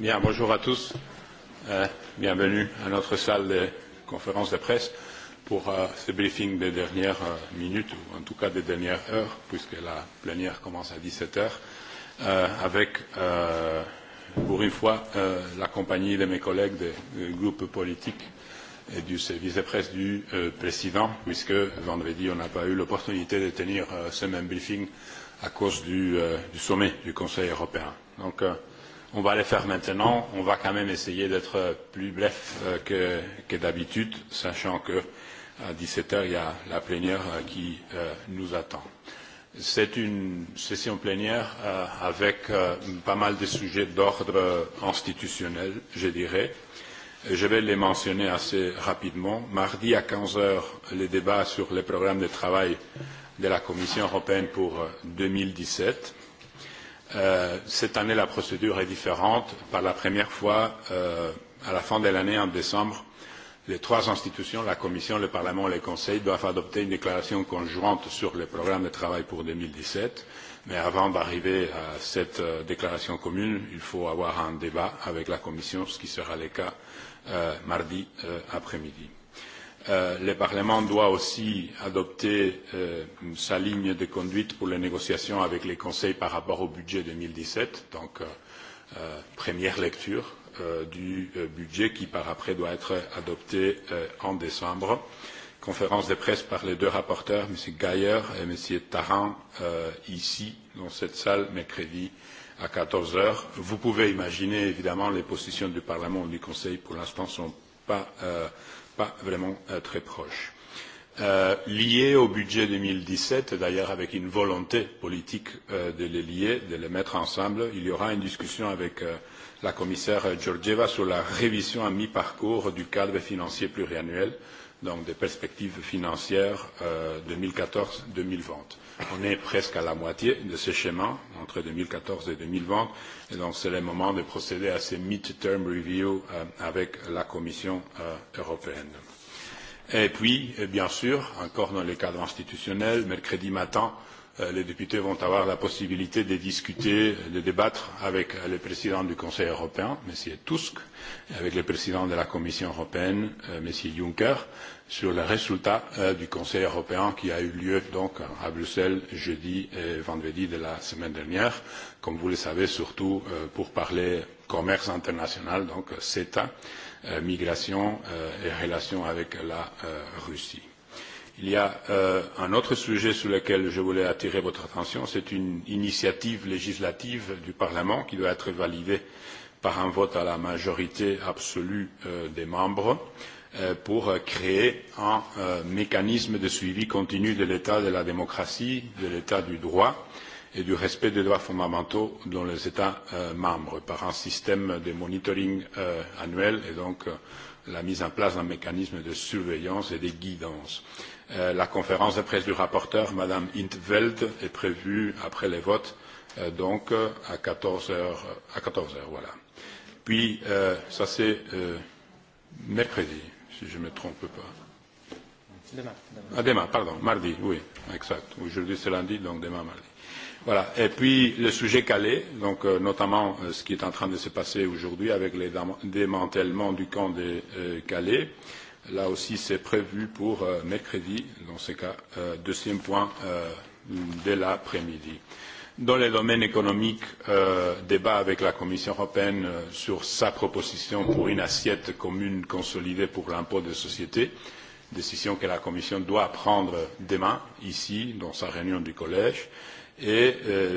Bien, bonjour à tous. Bienvenue à notre salle de conférence de presse pour ce briefing des dernières minutes, ou en tout cas des dernières heures, puisque la plénière commence à 17 heures, avec, pour une fois, la compagnie de mes collègues des groupes politiques et du service de presse du président, puisque vendredi, on n'a pas eu l'opportunité de tenir ce même briefing à cause du sommet du Conseil européen. Donc, On va les faire maintenant. On va quand même essayer d'être plus bref que d'habitude, sachant que à heures, il y a la plénière qui nous attend. C'est une session plénière avec pas mal de sujets d'ordre institutionnel, je dirais. Je vais les mentionner assez rapidement. Mardi à heures, le débat sur les programmes de travail de la Commission européenne pour 2017 Cette année, la procédure est différente. Par la première fois, à la fin de l'année, en décembre, les trois institutions, la Commission, le Parlement et le Conseil, doivent adopter une déclaration conjointe sur le programme de travail pour deux mille dix sept, Mais avant d'arriver à cette déclaration commune, il faut avoir un débat avec la Commission, ce qui sera le cas mardi après-midi le Parlement doit aussi adopter sa ligne de conduite pour les négociations avec les conseils par rapport au budget 2017, donc première lecture du budget qui par après doit être adopté en décembre. Conférence de presse par les deux rapporteurs, M. Gaillard et M. Tarand, ici, dans cette salle, mercredi à 14 heures. Vous pouvez imaginer, évidemment, les positions du Parlement et du Conseil pour l'instant sont pas vraiment très proche. Lié au budget 2017, d'ailleurs avec une volonté politique de les lier, de les mettre ensemble, il y aura une discussion avec la commissaire Georgieva sur la révision à mi-parcours du cadre financier pluriannuel donc des perspectives financières 2014-2020. On est presque à la moitié de ce schéma entre 2014 et 2020 et donc c'est le moment de procéder à ces mid-term review avec la Commission européenne. Et puis, bien sûr, encore dans le cadre institutionnel, mercredi matin, les députés vont avoir la possibilité de discuter, de débattre avec le président du Conseil européen, M. Tusk, et avec le président de la Commission européenne, M. Juncker, sur les résultats du Conseil européen qui a eu lieu donc à Bruxelles jeudi et vendredi de la semaine dernière, comme vous le savez, surtout pour parler commerce international, donc CETA, migration et relations avec la Russie. Il y a un autre sujet sur lequel je voulais attirer votre attention, c'est une initiative législative du Parlement qui doit être validée par un vote à la majorité absolue des membres pour créer un mécanisme de suivi continu de l'état de la démocratie, de l'état du droit et du respect des droits fondamentaux dans les États membres par un système de monitoring annuel et donc la mise en place d'un mécanisme de surveillance et de guidance. La conférence de presse du rapporteur, Madame Intveld, est prévue après les votes, donc à 14 heures. Voilà. Puis, ça c'est mercredi, si je ne me trompe pas. Demain. Ah, demain, pardon, mardi, oui, exact. Aujourd'hui c'est lundi, donc demain mardi. Voilà. Et puis, le sujet Calais, donc notamment ce qui est en train de se passer aujourd'hui avec le démantèlement du camp de Calais Là aussi, c'est prévu pour mercredi, dans ce cas, deuxième point de l'après-midi. Dans le domaine économique, débat avec la Commission européenne sur sa proposition pour une assiette commune consolidée pour l'impôt des sociétés, décision que la Commission doit prendre demain, ici, dans sa réunion du Collège et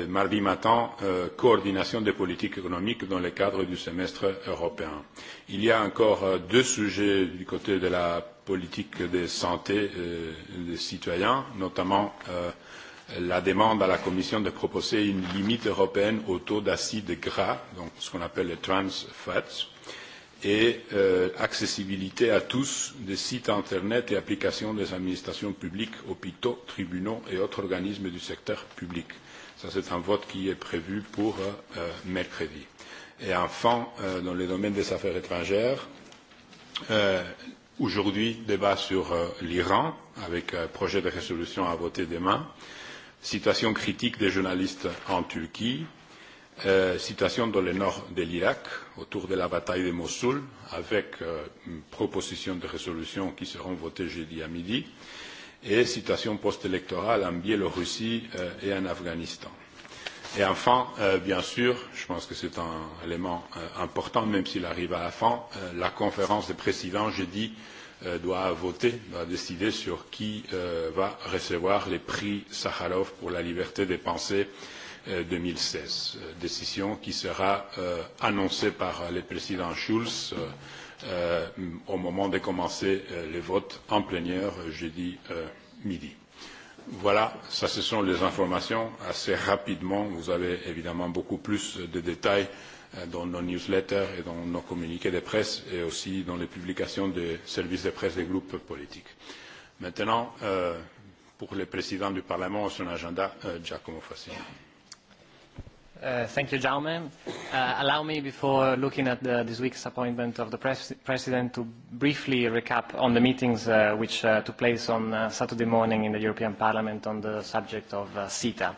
mardi matin coordination des politiques économiques dans le cadre du semestre européen. Il y a encore deux sujets du côté de la politique de santé des citoyens, notamment la demande à la Commission de proposer une limite européenne au taux d'acide gras, donc ce qu'on appelle les trans fats et accessibilité à tous des sites Internet et applications des administrations publiques, hôpitaux, tribunaux et autres organismes du secteur public. Ça, c'est un vote qui est prévu pour mercredi. Et enfin, dans le domaine des affaires étrangères, aujourd'hui, débat sur l'Iran, avec un projet de résolution à voter demain, situation critique des journalistes en Turquie, situation dans le nord de l'Irak, autour de la bataille de Mossoul, avec une proposition de résolution qui seront votées jeudi à midi, et situation post-électorale en Biélorussie et en Afghanistan. Et enfin, bien sûr, je pense que c'est un élément important, même s'il arrive à la fin, la conférence des présidents jeudi doit voter, doit décider sur qui va recevoir les prix Sakharov pour la liberté des pensées deux mille seize décision qui sera annoncée par le président schulz au moment de commencer les votes en plénière jeudi midi. voilà ce sont les informations assez rapidement vous avez évidemment beaucoup plus de détails dans nos newsletters et dans nos communiqués de presse et aussi dans les publications des services de presse des groupes politiques. maintenant pour le président du parlement son agenda giacomo fassino. Thank you, Jaume. Allow me, before looking at this week's appointment of the President, to briefly recap on the meetings which took place on Saturday morning in the European Parliament on the subject of CETA.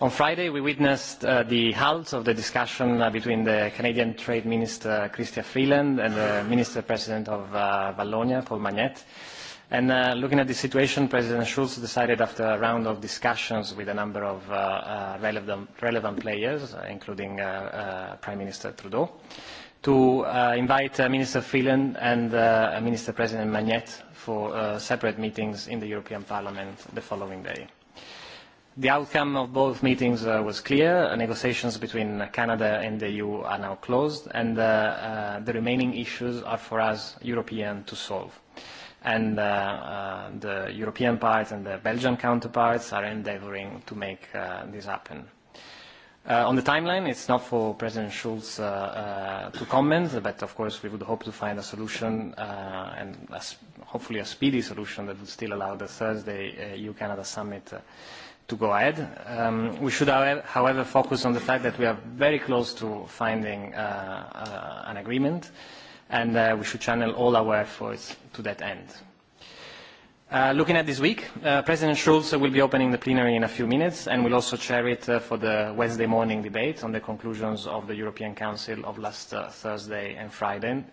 On Friday, we witnessed the halt of the discussion between the Canadian Trade Minister, Christian Freeland, and the Minister-President of Wallonia, Paul Magnette, And looking at the situation, President Schulz decided after a round of discussions with a number of relevant players, including Prime Minister Trudeau, to invite Minister Freeland and Minister President Magnet for separate meetings in the European Parliament the following day. The outcome of both meetings was clear. Negotiations between Canada and the EU are now closed, and the remaining issues are for us European to solve and the European parts and the Belgian counterparts are endeavoring to make this happen. On the timeline, it's not for President Schulz to comment, but of course we would hope to find a solution and hopefully a speedy solution that would still allow the Thursday EU-Canada summit to go ahead. We should, however, focus on the fact that we are very close to finding an agreement and we should channel all our efforts to that end. Looking at this week, President Schulz will be opening the plenary in a few minutes and will also chair it for the Wednesday morning debate on the conclusions of the European Council of last Thursday and Friday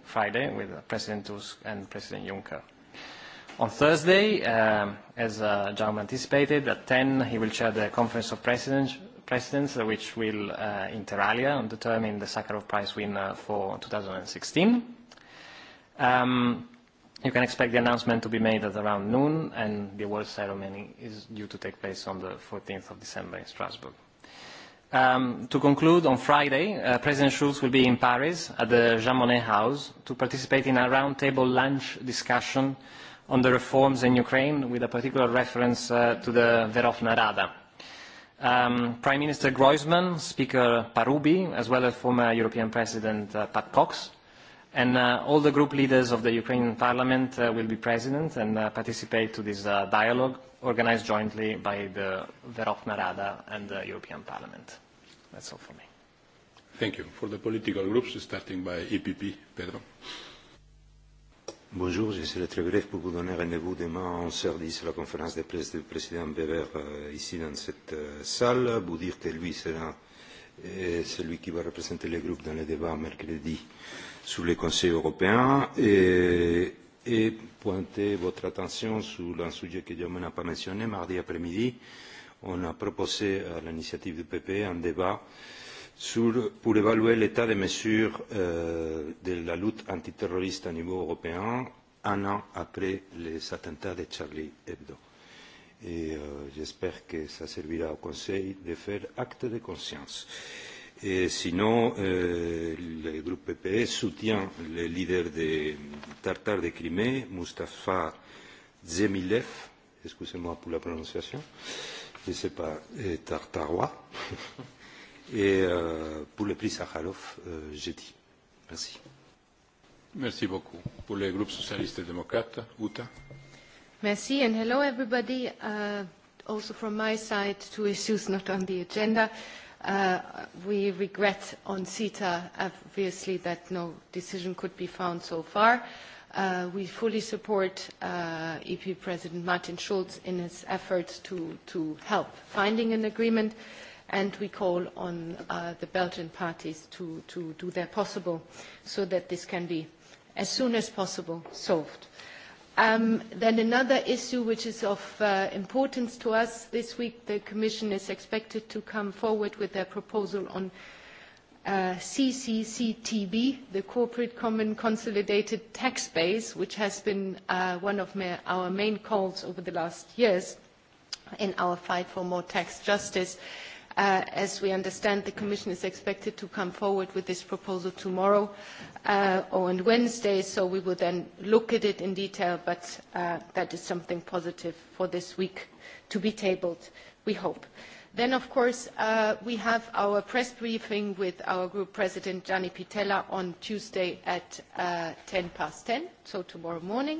with President Tusk and President Juncker. On Thursday, as John anticipated, at 10 he will chair the Conference of Presidents which will, inter alia, determine the Sakharov Prize winner for 2016. You can expect the announcement to be made at around noon, and the award ceremony is due to take place on the 14th of December in Strasbourg. To conclude, on Friday, President Schulz will be in Paris at the Jean Monnet House to participate in a roundtable lunch discussion on the reforms in Ukraine, with a particular reference to the Verovna Rada. Prime Minister Groisman, Speaker Parubi, as well as former European President Pat Cox And all the group leaders of the Ukrainian Parliament will be present and participate to this dialogue organized jointly by the Verkhovna Rada and the European Parliament. That's all for me. Thank you. For the political groups, starting by EPP, Pedro. Bonjour, je serai très bref pour vous donner rendez-vous demain en service à la conférence de presse du président Weber ici dans cette salle. Vous dire que lui sera celui qui va représenter le groupe dans le débat mercredi sur le Conseil européen et, et pointer votre attention sur un sujet que je n'a pas mentionné. Mardi après-midi, on a proposé à l'initiative du PPE un débat pour évaluer l'état des mesures de la lutte antiterroriste à niveau européen un an après les attentats de Charlie Hebdo. j'espère que ça servira au Conseil de faire acte de conscience. Et sinon, le groupe PPE soutient le leader des Tartares de Crimée, Mustafa Zemilev, excusez-moi pour la prononciation, je ne sais pas, tartarois, et pour le prix Sakharov, jeudi. Merci. Merci beaucoup. Pour le groupe socialiste et démocrate, Uta. Merci, and hello everybody. Also from my side, two issues not on the agenda. We regret on CETA, obviously, that no decision could be found so far. We fully support EP President Martin Schulz in his efforts to help finding an agreement, and we call on the Belgian parties to do their possible so that this can be, as soon as possible, solved. Then another issue which is of importance to us this week, the Commission is expected to come forward with their proposal on CCCTB, the Corporate Common Consolidated Tax Base, which has been one of our main calls over the last years in our fight for more tax justice As we understand, the Commission is expected to come forward with this proposal tomorrow or on Wednesday, so we will then look at it in detail, but that is something positive for this week to be tabled, we hope. Then, of course, we have our press briefing with our Group President, Gianni Pitella on Tuesday at 10 past 10, so tomorrow morning.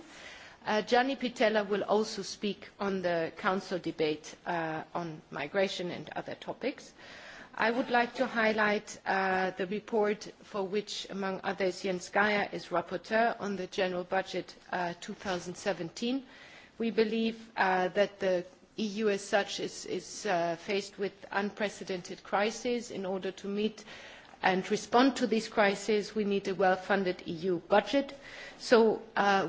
Gianni Pitella will also speak on the Council debate on migration and other topics. I would like to highlight the report for which, among others, Jens Geier is rapporteur on the General Budget 2017. We believe that the EU as such is faced with unprecedented crises in order to meet and respond to this crisis we need a well funded eu budget so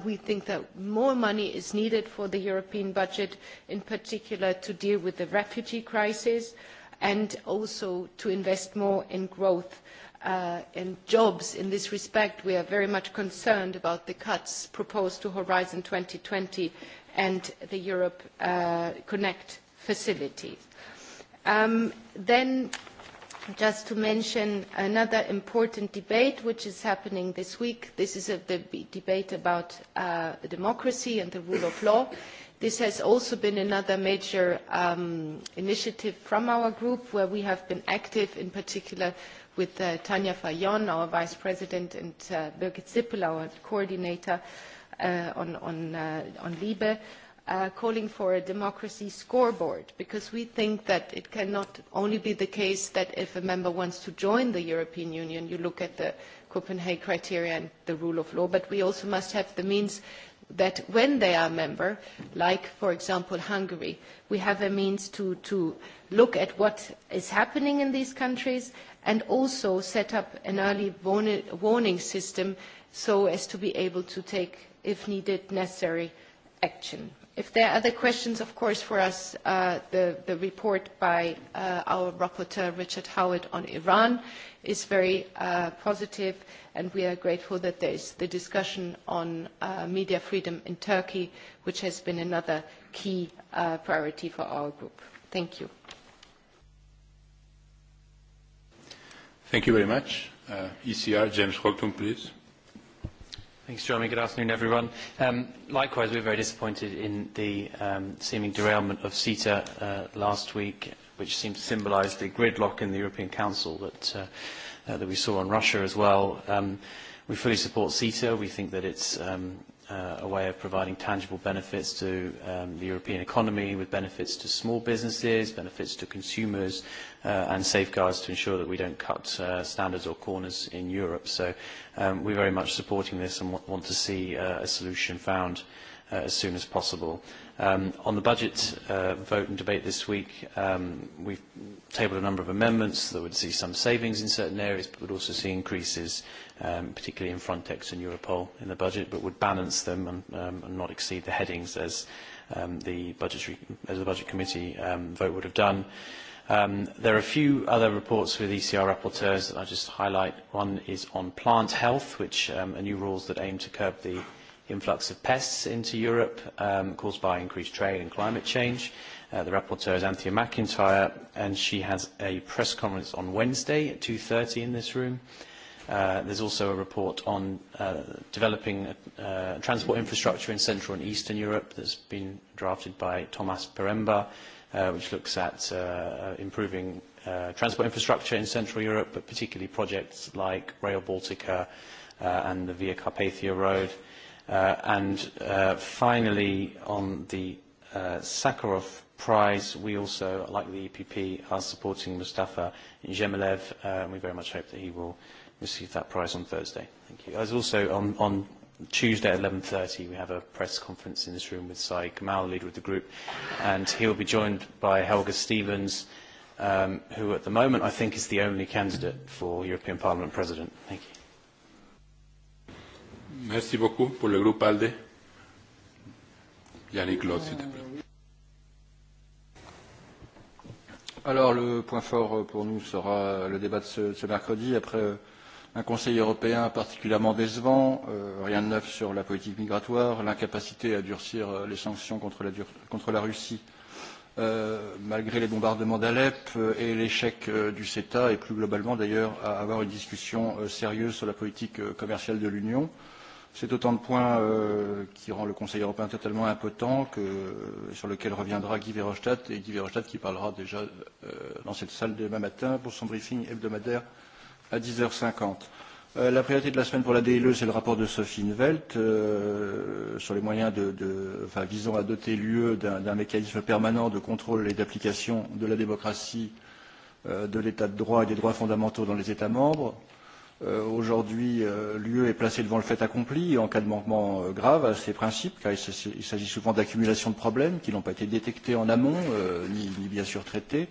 we think that more money is needed for the european budget in particular to deal with the refugee crisis and also to invest more in growth and jobs in this respect we are very much concerned about the cuts proposed to horizon 2020 and the europe connect facility then just to mention another important debate which is happening this week. This is a debate about democracy and the rule of law. This has also been another major initiative from our group where we have been active, in particular with Tanja Fajon, our Vice President, and Birgit Zippel, our coordinator on LIBE calling for a democracy scoreboard because we think that it cannot only be the case that if a member wants to join the European Union, you look at the Copenhagen criteria and the rule of law, but we also must have the means that when they are a member, like, for example, Hungary, we have a means to look at what is happening in these countries and also set up an early warning system so as to be able to take, if needed, necessary action. If there are other questions, of course, for us, the report by our rapporteur, Richard Howard, on Iran is very positive, and we are grateful that there is the discussion on media freedom in Turkey, which has been another key priority for our group. Thank you. Thank you very much. ECR, James Holton, please. Thanks, Jeremy. Good afternoon, everyone. Likewise, we're very disappointed in the seeming derailment of CETA last week, which seems to symbolise the gridlock in the European Council that that we saw on Russia as well. We fully support CETA. We think that it's a way of providing tangible benefits to the European economy, with benefits to small businesses, benefits to consumers, and safeguards to ensure that we don't cut standards or corners in Europe. So we're very much supporting this and want to see a solution found as soon as possible. On the budget vote and debate this week, we've tabled a number of amendments that would see some savings in certain areas, but would also see increases, particularly in Frontex and Europol in the budget, but would balance them and not exceed the headings as the Budget Committee vote would have done. There are a few other reports with ECR rapporteurs that I just highlight. One is on plant health, which are new rules that aim to curb the influx of pests into Europe caused by increased trade and climate change. The rapporteur is Anthea McIntyre, and she has a press conference on Wednesday at 2.30 in this room. There's also a report on developing transport infrastructure in Central and Eastern Europe that's been drafted by Thomas Peremba, which looks at improving transport infrastructure in Central Europe, but particularly projects like Rail Baltica and the Via Carpathia Road. And finally, on the Sakharov Prize, we also, like the EPP, are supporting Mustafa Zhemilev, and we very much hope that he will receive that prize on Thursday. Thank you. As also on, on Tuesday at 11.30, we have a press conference in this room with Sai Kamal, leader of the group, and he will be joined by Helga Stevens, who at the moment I think is the only candidate for European Parliament President. Thank you. Merci beaucoup pour le groupe ALDE. Yannick Lod, s'il te plaît. Alors, le point fort pour nous sera le débat de ce mercredi. Après un Conseil européen particulièrement décevant, rien de neuf sur la politique migratoire, l'incapacité à durcir les sanctions contre la Russie malgré les bombardements d'Alep et l'échec du CETA, et plus globalement d'ailleurs à avoir une discussion sérieuse sur la politique commerciale de l'Union. C'est autant de points qui rend le Conseil européen totalement impotent, sur lequel reviendra Guy Verhofstadt, et Guy Verhofstadt qui parlera déjà dans cette salle demain matin pour son briefing hebdomadaire à 10h50. La priorité de la semaine pour la DLE, c'est le rapport de Sophie Invelt sur les moyens de visant à doter l'UE d'un mécanisme permanent de contrôle et d'application de la démocratie, de l'état de droit et des droits fondamentaux dans les États membres aujourd'hui l'UE est placée devant le fait accompli en cas de manquement grave à ces principes, car il s'agit souvent d'accumulation de problèmes qui n'ont pas été détectés en amont, ni bien sûr traités.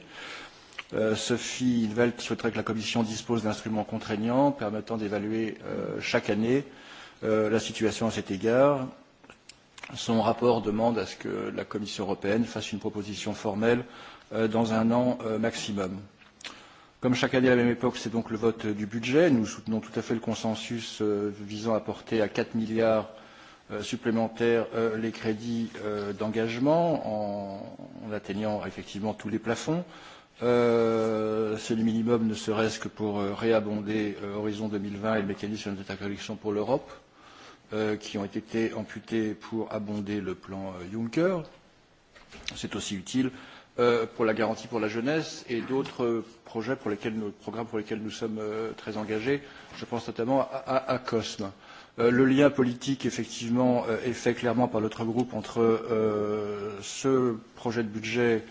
Sophie Invelt souhaiterait que la Commission dispose d'instruments contraignants permettant d'évaluer chaque année la situation à cet égard. Son rapport demande à ce que la Commission européenne fasse une proposition formelle dans un an maximum. Comme chaque année à la même époque, c'est donc le vote du budget. Nous soutenons tout à fait le consensus visant à porter à 4 milliards supplémentaires les crédits d'engagement en atteignant effectivement tous les plafonds. C'est le minimum, ne serait-ce que pour réabonder Horizon 2020 et le mécanisme de collection pour l'Europe, qui ont été amputés pour abonder le plan Juncker. C'est aussi utile pour la garantie pour la jeunesse et d'autres projets pour lesquels nous, programmes pour lesquels nous sommes très engagés. Je pense notamment à, à, COSME. Le lien politique, effectivement, est fait clairement par notre groupe entre ce projet de budget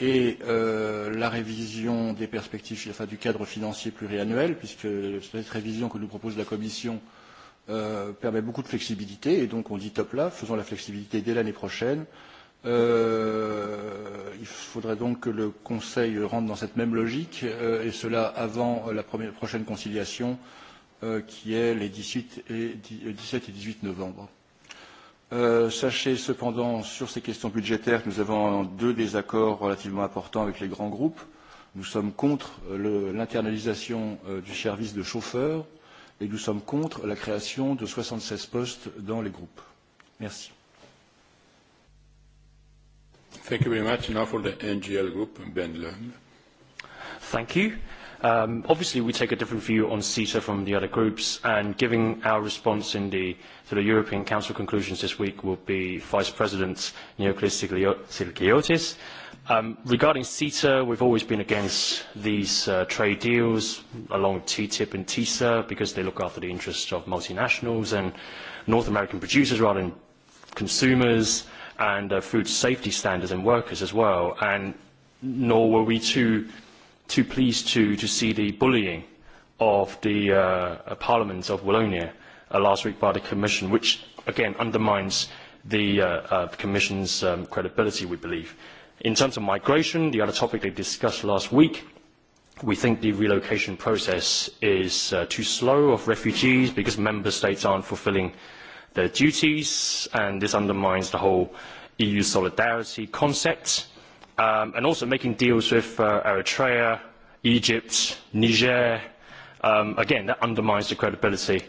et la révision des perspectives, enfin du cadre financier pluriannuel, puisque cette révision que nous propose la Commission permet beaucoup de flexibilité, et donc on dit top là, faisons la flexibilité dès l'année prochaine Il faudrait donc que le Conseil rentre dans cette même logique, et cela avant la prochaine conciliation, qui est les 17 et 18 novembre. Sachez cependant, sur ces questions budgétaires, que nous avons deux désaccords relativement importants avec les grands groupes. Nous sommes contre l'internalisation du service de chauffeur et nous sommes contre la création de 76 postes dans les groupes. Merci. Thank you very much. Now for the NGL Group, Ben Leung. Thank you. Obviously, we take a different view on CETA from the other groups, and giving our response in the European Council conclusions this week will be Vice President Neoclis Sigliotis. Regarding CETA, we've always been against these trade deals along TTIP and TISA because they look after the interests of multinationals and North American producers rather than consumers and food safety standards and workers as well. And nor were we too too pleased to to see the bullying of the Parliament of Wallonia last week by the Commission, which again undermines the Commission's credibility, we believe. In terms of migration, the other topic they discussed last week, we think the relocation process is too slow of refugees because member states aren't fulfilling their duties, and this undermines the whole EU solidarity concept, and also making deals with Eritrea, Egypt, Niger. Again, that undermines the credibility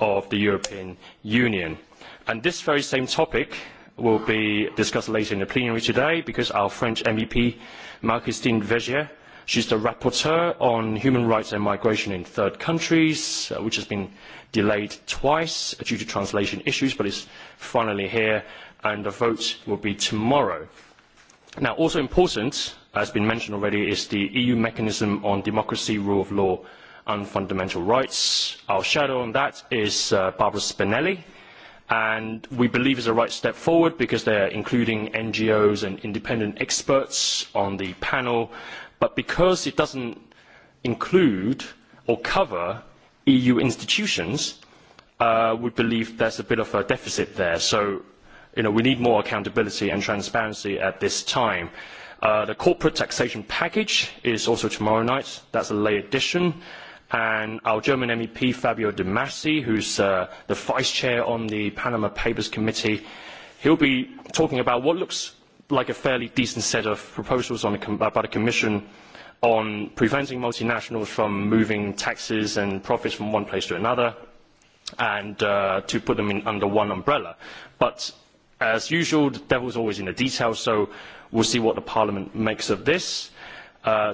of the European Union. And this very same topic will be discussed later in the plenary today because our French MEP, Marc-Christine Vergier, She's the rapporteur on human rights and migration in third countries, which has been delayed twice due to translation issues, but is finally here, and the vote will be tomorrow. Now, also important, as has been mentioned already, is the EU mechanism on democracy, rule of law, and fundamental rights. Our shadow on that is Barbara Spinelli, and we believe is a right step forward because they are including NGOs and independent experts on the panel but because it doesn't include or cover EU institutions, we believe there's a bit of a deficit there. So we need more accountability and transparency at this time. The corporate taxation package is also tomorrow night. That's a late addition. And our German MEP, Fabio De Masi, who's the vice chair on the Panama Papers Committee, he'll be talking about what looks like a fairly decent set of proposals by the Commission on preventing multinationals from moving taxes and profits from one place to another and to put them under one umbrella. But as usual, the devil's always in the details, so we'll see what the Parliament makes of this.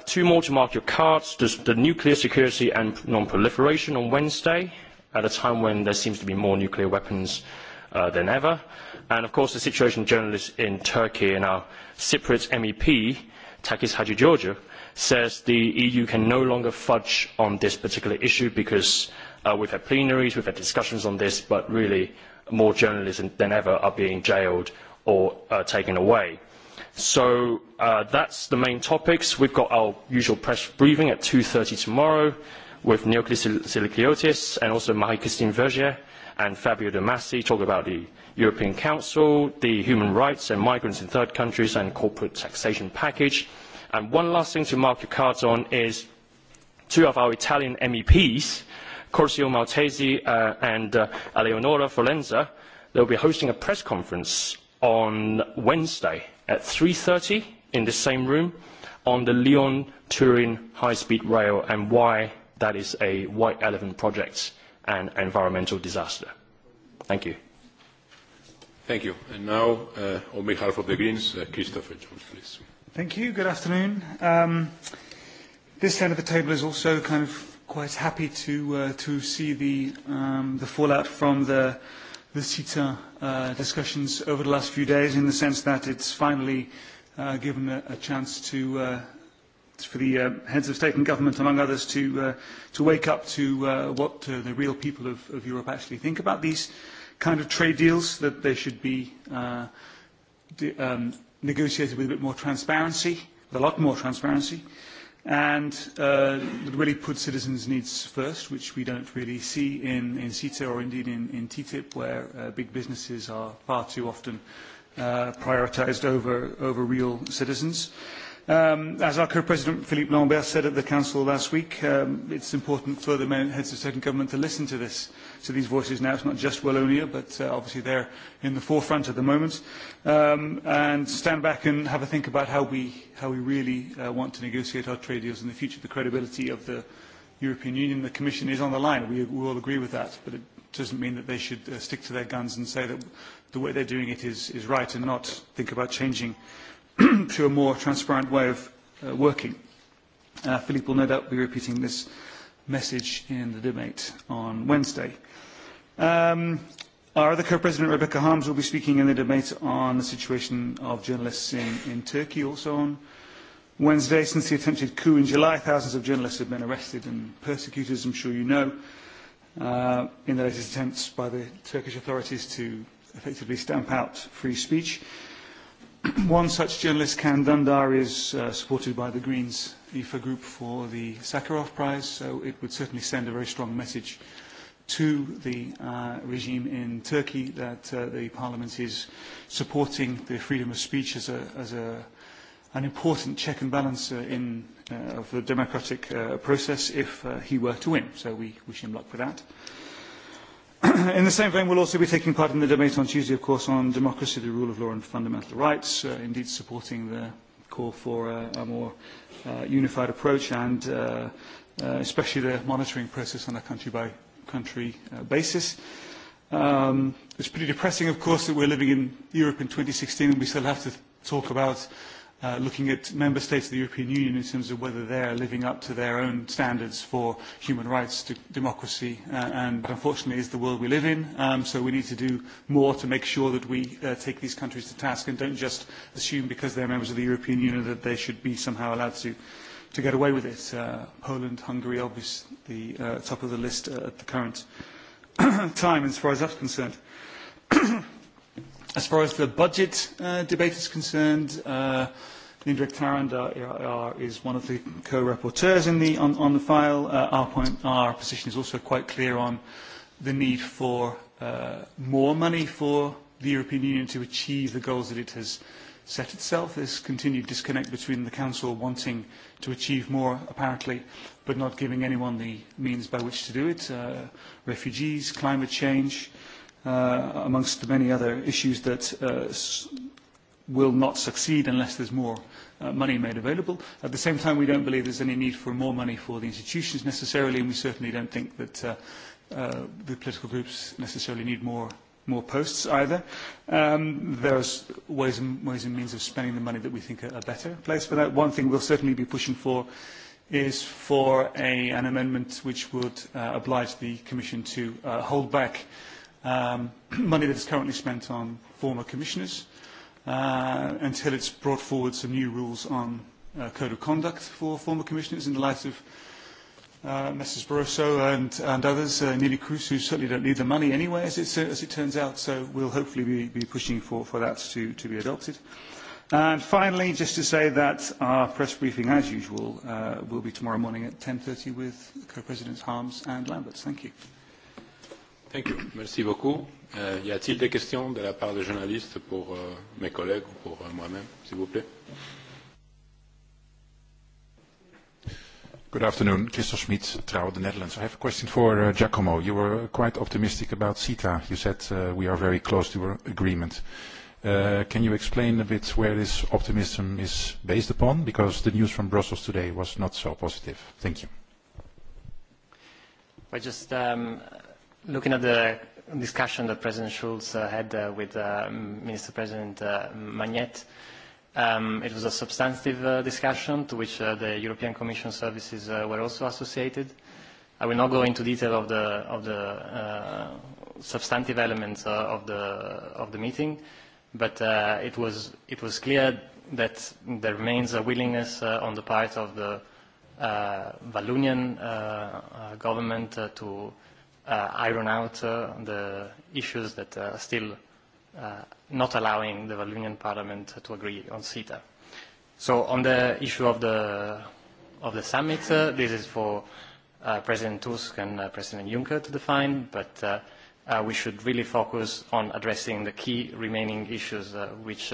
Two more to mark your cards. The nuclear security and non-proliferation on Wednesday, at a time when there seems to be more nuclear weapons than ever. And of course the situation of journalists in Turkey and our Cypriot MEP, Takis Georgia, says the EU can no longer fudge on this particular issue because we've had plenaries, we've had discussions on this, but really more journalists than ever are being jailed or taken away. So that's the main topics. We've got our usual press briefing at 2.30 tomorrow with Neoclis Silikiotis and also Marie-Christine Vergier and Fabio De Masi talk about the European Council, the human rights and migrants in third countries and corporate taxation package. And one last thing to mark your cards on is two of our Italian MEPs, Corsio Maltesi and Eleonora Folenza, they'll be hosting a press conference on Wednesday at 3.30 in the same room on the Lyon-Turin high-speed rail and why that is a white elephant project and environmental disaster. Thank you. Thank you. And now, on behalf of the Greens, Christopher Jones, please. Thank you. Good afternoon. Um, this end of the table is also kind of quite happy to to see the the fallout from the the CETA discussions over the last few days, in the sense that it's finally given a, chance to for the heads of state and government, among others, to wake up to what the real people of Europe actually think about these kind of trade deals, that they should be negotiated with a bit more transparency, with a lot more transparency, and that really put citizens' needs first, which we don't really see in CETA or indeed in TTIP, where big businesses are far too often prioritised over real citizens. As our co-president Philippe Lambert said at the Council last week, it's important for the heads of state and government to listen to this, to these voices now. It's not just Wallonia, but obviously they're in the forefront at the moment, and stand back and have a think about how we how we really want to negotiate our trade deals in the future. The credibility of the European Union, the Commission is on the line. We all agree with that, but it doesn't mean that they should stick to their guns and say that the way they're doing it is right and not think about changing to a more transparent way of working. Philippe will no doubt be repeating this message in the debate on Wednesday. Our other co-president, Rebecca Harms, will be speaking in the debate on the situation of journalists in Turkey, also on Wednesday. Since the attempted coup in July, thousands of journalists have been arrested and persecuted, as I'm sure you know, in the latest attempts by the Turkish authorities to effectively stamp out free speech. One such journalist, Kan Dundar, is supported by the Greens IFA group for the Sakharov Prize, so it would certainly send a very strong message to the regime in Turkey that the Parliament is supporting the freedom of speech as an important check and balance of the democratic process if he were to win. So we wish him luck with that. In the same vein, we'll also be taking part in the debate on Tuesday, of course, on democracy, the rule of law and fundamental rights, indeed supporting the call for a more unified approach and especially the monitoring process on a country-by-country basis. It's pretty depressing, of course, that we're living in Europe in 2016 and we still have to talk about looking at member states of the European Union in terms of whether they are living up to their own standards for human rights, democracy, and unfortunately is the world we live in. So we need to do more to make sure that we take these countries to task and don't just assume because they are members of the European Union that they should be somehow allowed to to get away with it. Poland, Hungary, obviously the top of the list at the current time as far as that's concerned. As far as the budget debate is concerned, Nindrik Tarand is one of the co-rapporteurs on the file. Our point position is also quite clear on the need for more money for the European Union to achieve the goals that it has set itself. This continued disconnect between the Council wanting to achieve more, apparently, but not giving anyone the means by which to do it. Refugees, climate change amongst the many other issues that will not succeed unless there's more money made available. At the same time, we don't believe there's any need for more money for the institutions necessarily, and we certainly don't think that the political groups necessarily need more more posts either. There's ways and ways and means of spending the money that we think are a better place for that. One thing we'll certainly be pushing for is for an amendment which would oblige the Commission to hold back money that is currently spent on former commissioners until it's brought forward some new rules on code of conduct for former commissioners in the light of Mrs. Barroso and others, Nili Cruz, who certainly don't need the money anyway, as it turns out, so we'll hopefully be pushing for that to be adopted. And finally, just to say that our press briefing, as usual, will be tomorrow morning at 10.30 with Co-Presidents Harms and Lambert, Thank you. Thank you. Merci beaucoup. y a-t-il des questions de la part des journalistes pour mes collègues ou pour moi-même, s'il vous plaît Good afternoon. Christel Schmid, Trouw, the Netherlands. I have a question for Giacomo. You were quite optimistic about CETA. You said we are very close to agreement. Can you explain a bit where this optimism is based upon? Because the news from Brussels today was not so positive. Thank you. I just looking at the discussion that President Schulz had with Minister President Magnet, it was a substantive discussion to which the European Commission services were also associated. I will not go into detail of the of the substantive elements of the of the meeting, but it was it was clear that there remains a willingness on the part of the uh government to iron out the issues that are still not allowing the Valunian Parliament to agree on CETA. So on the issue of the of the summit, this is for President Tusk and President Juncker to define, but we should really focus on addressing the key remaining issues which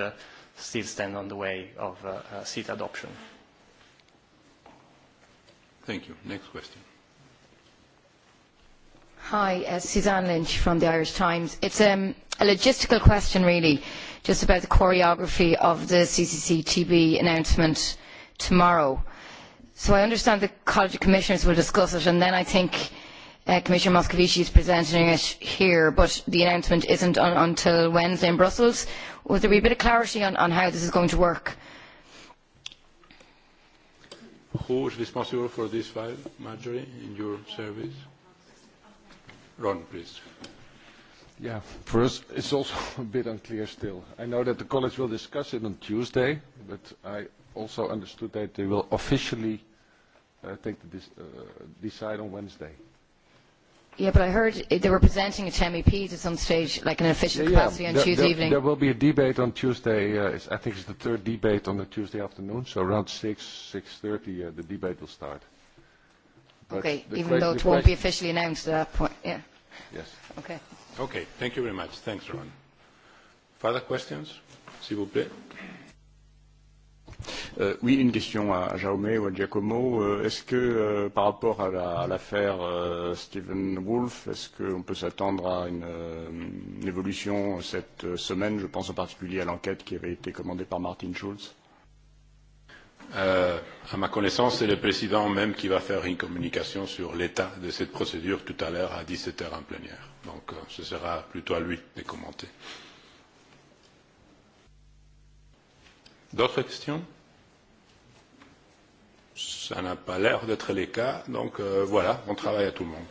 still stand on the way of CETA adoption. Thank you. Next question. Hi, Suzanne Lynch from the Irish Times. It's a logistical question really, just about the choreography of the CCCTB announcement tomorrow. So I understand the College of Commissioners will discuss it and then I think Commissioner Moscovici is presenting it here, but the announcement isn't until Wednesday in Brussels. Will there be a bit of clarity on how this is going to work? Who is responsible for this file, Marjorie, in your service? Ron, please. Yeah, for us, it's also a bit unclear still. I know that the college will discuss it on Tuesday, but I also understood that they will officially take the decide on Wednesday. Yeah, but I heard they were presenting it to MEPs at some stage, like an official capacity on Tuesday evening. There will be a debate on Tuesday. I think it's the third debate on the Tuesday afternoon, so around 6, 6.30 the debate will start. Okay, even though it won't be officially announced at that point. Okay. Thank you very much. Thanks, Ron. Further questions, s'il vous plaît. Oui, une question à Jaume ou à Giacomo. Est-ce que, par rapport à l'affaire Stephen Wolf, est-ce qu'on peut s'attendre à une évolution cette semaine Je pense en particulier à l'enquête qui avait été commandée par Martin Schulz. À ma connaissance, c'est le président même qui va faire une communication sur l'état de cette procédure tout à l'heure à 17h en plénière. Donc, ce sera plutôt à lui de commenter. D'autres questions Ça n'a pas l'air d'être le cas. Donc, voilà, on travaille à tout le monde.